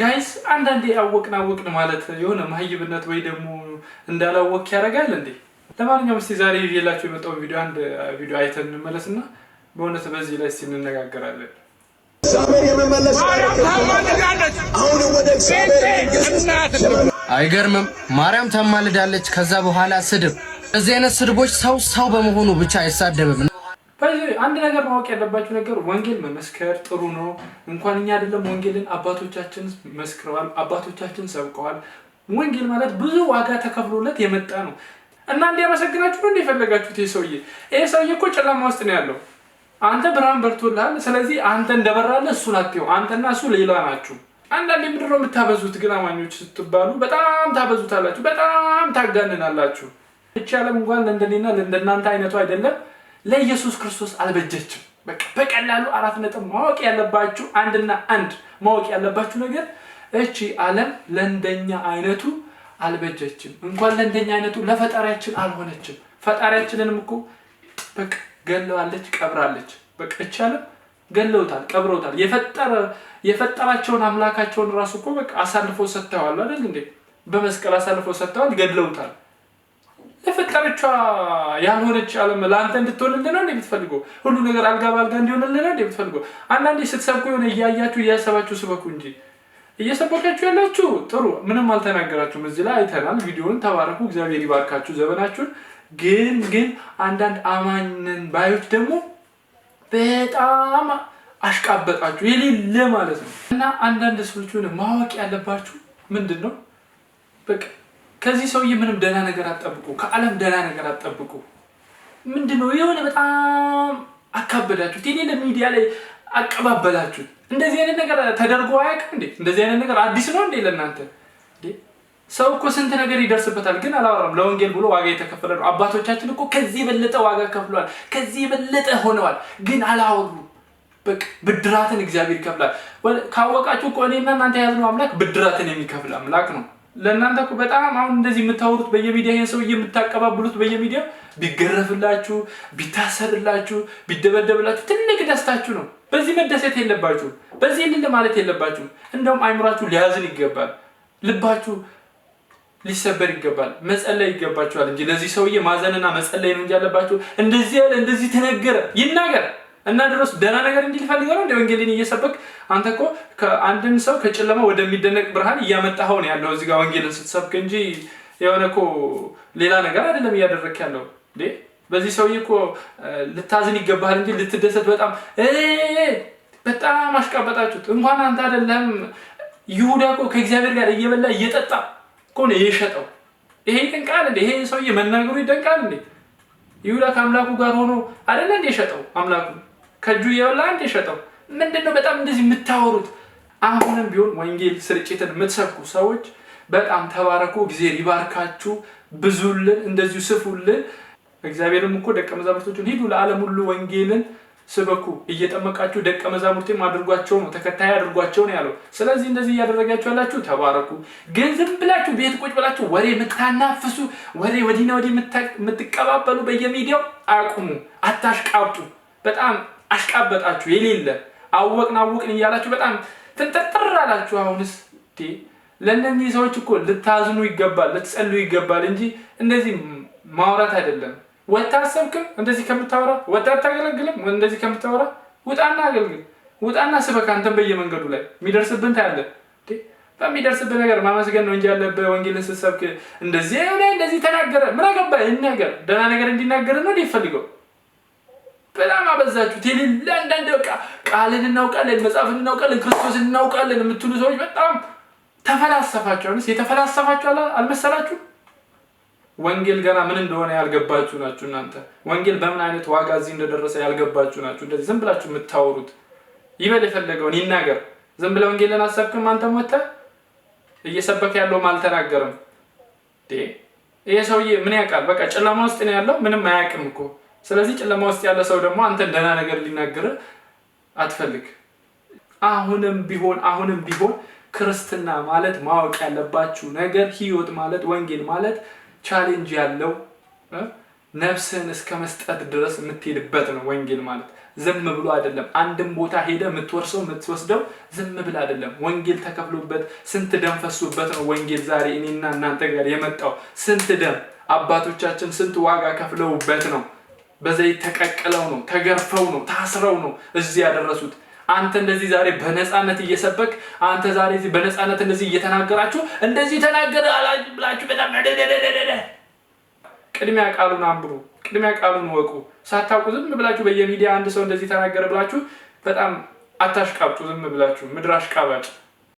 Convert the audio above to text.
ጋይስ አንዳንዴ አወቅን አወቅን ማለት የሆነ መሀይብነት ወይ ደግሞ እንዳላወቅ ያደርጋል እንዴ። ለማንኛውም እስኪ ዛሬ ይዤላችሁ የመጣውን ቪዲዮ አንድ ቪዲዮ አይተን እንመለስና በእውነት በዚህ ላይ እስኪ እንነጋገራለን። አይገርምም? ማርያም ታማልዳለች፣ ከዛ በኋላ ስድብ። እዚህ አይነት ስድቦች ሰው ሰው በመሆኑ ብቻ አይሳደብም። አንድ ነገር ማወቅ ያለባችሁ ነገር ወንጌል መመስከር ጥሩ ነው። እንኳን እኛ አይደለም ወንጌልን አባቶቻችን መስክረዋል፣ አባቶቻችን ሰብቀዋል። ወንጌል ማለት ብዙ ዋጋ ተከፍሎለት የመጣ ነው እና እንዲያመሰግናችሁ ነው እንደፈለጋችሁት። ይህ ሰውዬ ይህ ሰውዬ እኮ ጨለማ ውስጥ ነው ያለው። አንተ ብርሃን በርቶልሃል። ስለዚህ አንተ እንደበራለ እሱ ናትው። አንተና እሱ ሌላ ናችሁ። አንዳንድ የምድር የምታበዙት። ግን አማኞች ስትባሉ በጣም ታበዙታላችሁ፣ በጣም ታጋንናላችሁ። እቺ ዓለም እንኳን ለእንደኔና ለእንደናንተ አይነቱ አይደለም። ለኢየሱስ ክርስቶስ አልበጀችም። በቀላሉ አራት ነጥብ ማወቅ ያለባችሁ አንድና አንድ ማወቅ ያለባችሁ ነገር እቺ ዓለም ለእንደኛ አይነቱ አልበጀችም። እንኳን ለእንደኛ አይነቱ ለፈጣሪያችን አልሆነችም። ፈጣሪያችንንም እኮ በቃ ገለዋለች፣ ቀብራለች። በቃ እቺ ዓለም ገለውታል፣ ቀብረውታል። የፈጠራቸውን አምላካቸውን ራሱ እኮ በቃ አሳልፎ ሰጥተዋል አይደል እንዴ? በመስቀል አሳልፎ ሰጥተዋል፣ ገለውታል። ለፈጠረቿ ያልሆነች ዓለም ለአንተ እንድትሆንልህ ነው የምትፈልገው። ሁሉ ነገር አልጋ በአልጋ እንዲሆንልህ ነው የምትፈልገው። አንዳንዴ ስትሰብኩ የሆነ እያያችሁ እያሰባችሁ ስበኩ እንጂ እየሰበካችሁ ያላችሁ ጥሩ፣ ምንም አልተናገራችሁም። እዚህ ላይ አይተናል። ቪዲዮውን ተባረኩ፣ እግዚአብሔር ይባርካችሁ ዘመናችሁን። ግን ግን አንዳንድ አማኝን ባዮች ደግሞ በጣም አሽቃበጣችሁ የሌለ ማለት ነው እና አንዳንድ ሰዎች ማወቅ ያለባችሁ ምንድን ነው በቃ ከዚህ ሰውዬ ምንም ደህና ነገር አጠብቁ፣ ከዓለም ደህና ነገር አጠብቁ። ምንድነው የሆነ በጣም አካበዳችሁት። የሌለ ሚዲያ ላይ አቀባበላችሁት። እንደዚህ አይነት ነገር ተደርጎ አያውቅም እንዴ? እንደዚህ አይነት ነገር አዲስ ነው እንዴ ለእናንተ? ሰው እኮ ስንት ነገር ይደርስበታል፣ ግን አላወራም። ለወንጌል ብሎ ዋጋ የተከፈለ ነው። አባቶቻችን እኮ ከዚህ የበለጠ ዋጋ ከፍለዋል፣ ከዚህ የበለጠ ሆነዋል፣ ግን አላወሩ። በቃ ብድራትን እግዚአብሔር ይከፍላል። ካወቃችሁ እኮ እኔና እናንተ የያዝነው አምላክ ብድራትን የሚከፍል አምላክ ነው። ለእናንተ እኮ በጣም አሁን እንደዚህ የምታወሩት በየሚዲያ ይህን ሰውዬ የምታቀባብሉት በየሚዲያ ቢገረፍላችሁ፣ ቢታሰርላችሁ፣ ቢደበደብላችሁ ትልቅ ደስታችሁ ነው። በዚህ መደሰት የለባችሁ፣ በዚህ እልል ማለት የለባችሁ። እንደውም አይምራችሁ ሊያዝን ይገባል፣ ልባችሁ ሊሰበር ይገባል፣ መጸለይ ይገባችኋል እንጂ ለዚህ ሰውዬ ማዘንና መጸለይ ነው እንጂ ያለባችሁ። እንደዚህ ያለ እንደዚህ ተነገረ ይናገር እና ድረስ ደህና ነገር እንዲል ፈልገ ነው እንደ ወንጌልን እየሰበክ አንተ እኮ ከአንድን ሰው ከጨለማ ወደሚደነቅ ብርሃን እያመጣኸው ነው ያለው እዚህ ጋር ወንጌልን ስትሰብክ እንጂ የሆነ እኮ ሌላ ነገር አይደለም እያደረክ ያለው እንዴ። በዚህ ሰውዬ እኮ ልታዝን ይገባሃል እንጂ ልትደሰት በጣም በጣም አሽቃበጣችሁት። እንኳን አንተ አይደለም ይሁዳ እኮ ከእግዚአብሔር ጋር እየበላ እየጠጣ እኮ ነው የሸጠው። ይሄ ይደንቃል እንዴ? ይሄ ሰውዬ መናገሩ ይደንቃል እንዴ? ይሁዳ ከአምላኩ ጋር ሆኖ አይደለ እንዴ የሸጠው አምላኩ ከእጁ እየበላ አንድ የሸጠው ምንድን ነው? በጣም እንደዚህ የምታወሩት። አሁንም ቢሆን ወንጌል ስርጭትን የምትሰብኩ ሰዎች በጣም ተባረኩ። ጊዜ ይባርካችሁ፣ ብዙልን፣ እንደዚሁ ስፉልን። እግዚአብሔርም እኮ ደቀ መዛሙርቶችን ሂዱ ለዓለም ሁሉ ወንጌልን ስበኩ እየጠመቃችሁ ደቀ መዛሙርቴም አድርጓቸው ነው ተከታይ አድርጓቸው ነው ያለው። ስለዚህ እንደዚህ እያደረጋችሁ ያላችሁ ተባረኩ። ግን ዝም ብላችሁ ቤት ቁጭ ብላችሁ ወሬ የምታናፍሱ ወሬ ወዲና ወዲህ የምትቀባበሉ በየሚዲያው አቁሙ፣ አታሽቃብጡ በጣም አሽቃበጣችሁ የሌለ አወቅን አወቅን እያላችሁ በጣም ትንጠጠር አላችሁ። አሁንስ ለእነዚህ ሰዎች እኮ ልታዝኑ ይገባል፣ ልትጸሉ ይገባል እንጂ እንደዚህ ማውራት አይደለም። ወታ አሰብክም እንደዚህ ከምታወራ ወታ አታገለግልም። እንደዚህ ከምታወራ ውጣና አገልግል፣ ውጣና ስበክ። አንተን በየመንገዱ ላይ የሚደርስብን ታያለ። በሚደርስብህ ነገር ማመስገን ነው እንጂ ያለብህ ወንጌልን ስትሰብክ እንደዚህ ሆነ እንደዚህ ተናገረ ምን አገባህ? ይህን ነገር ደህና ነገር እንዲናገር ነው ይፈልገው በጣም አበዛችሁት። የሌለ አንዳንድ በቃ ቃልን እናውቃለን፣ መጽሐፍን እናውቃለን፣ ክርስቶስን እናውቃለን የምትሉ ሰዎች በጣም ተፈላሰፋችሁ። አሁንስ የተፈላሰፋችሁ አልመሰላችሁ? ወንጌል ገና ምን እንደሆነ ያልገባችሁ ናችሁ። እናንተ ወንጌል በምን አይነት ዋጋ እዚህ እንደደረሰ ያልገባችሁ ናችሁ። እንደዚህ ዝም ብላችሁ የምታወሩት ይበል የፈለገውን ይናገር። ዝም ብለህ ወንጌልን አሰብክም አንተ ሞተ እየሰበከ ያለውም አልተናገርም። ይሄ ሰውዬ ምን ያውቃል? በቃ ጨለማ ውስጥ ነው ያለው። ምንም አያውቅም እኮ ስለዚህ ጨለማ ውስጥ ያለ ሰው ደግሞ አንተን ደህና ነገር ሊናገር አትፈልግ። አሁንም ቢሆን አሁንም ቢሆን ክርስትና ማለት ማወቅ ያለባችሁ ነገር ህይወት ማለት ወንጌል ማለት ቻሌንጅ ያለው ነፍስህን እስከ መስጠት ድረስ የምትሄድበት ነው። ወንጌል ማለት ዝም ብሎ አይደለም። አንድም ቦታ ሄደ የምትወርሰው የምትወስደው ዝም ብሎ አይደለም። ወንጌል ተከፍሎበት ስንት ደም ፈሶበት ነው ወንጌል ዛሬ እኔና እናንተ ጋር የመጣው። ስንት ደም አባቶቻችን ስንት ዋጋ ከፍለውበት ነው በዘይት ተቀቅለው ነው፣ ተገርፈው ነው፣ ታስረው ነው እዚህ ያደረሱት። አንተ እንደዚህ ዛሬ በነፃነት እየሰበክ አንተ ዛሬ በነፃነት እንደዚህ እየተናገራችሁ እንደዚህ ተናገረ ብላችሁ በጣም ቅድሚያ ቃሉን አንብቡ፣ ቅድሚያ ቃሉን ወቁ። ሳታውቁ ዝም ብላችሁ በየሚዲያ አንድ ሰው እንደዚህ ተናገረ ብላችሁ በጣም አታሽቃብጡ። ዝም ብላችሁ ምድር አሽቃባጭ